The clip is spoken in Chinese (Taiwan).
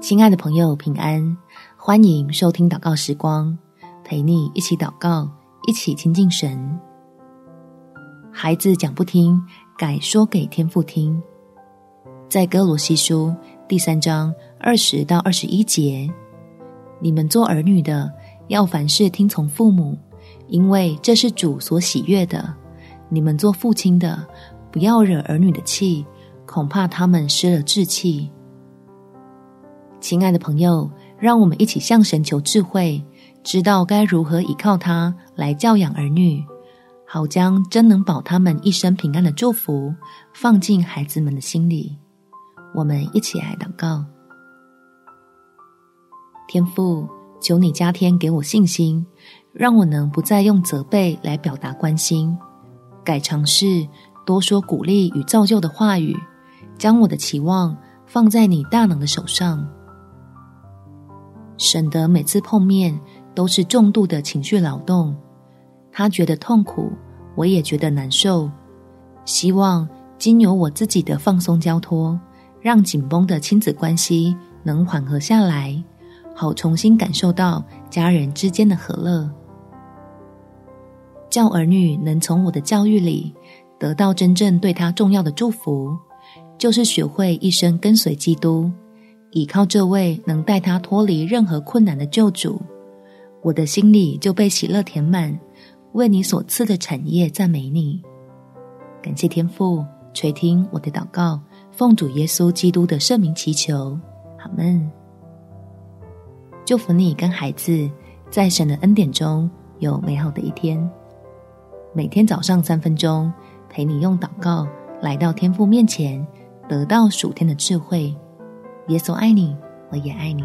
親愛的朋友，平安！歡迎收聽禱告時光，陪你一起禱告，一起親近神。孩子講不聽，改說給天父聽。在哥羅西書第三章二十到二十一節，你們做兒女的，要凡事聽從父母，因為這是主所喜悅的。你們做父親的，不要惹兒女的氣，恐怕他們失了志氣。親愛的朋友，讓我們一起向神求智慧，知道該如何倚靠他來教養兒女，好將真能保他們一生平安的祝福，放進孩子們的心裡。我們一起來禱告：天父，求你加添給我信心，讓我能不再用責備來表達關心，改嘗試多說鼓勵與造就的話語，將我的期望放在你大能的手上。省得每次碰面都是重度的情緒勞動，他覺得痛苦，我也覺得難受。希望經由我自己的放鬆交託，讓緊繃的親子關係能緩和下來，好重新感受到家人之間的和樂。叫兒女能從我的教育裡，得到真正對他重要的祝福，就是學會一生跟隨基督。依靠這位能帶他脫離任何困難的救主，我的心裡就被喜樂填滿。為你所賜的產業讚美你，感謝天父垂聽我的禱告，奉主耶穌基督的聖名祈求，阿們。祝福你跟孩子在神的恩典中有美好的一天。每天早上三分鐘，陪你用禱告來到天父面前，得到屬天的智慧。耶穌愛你，我也愛你。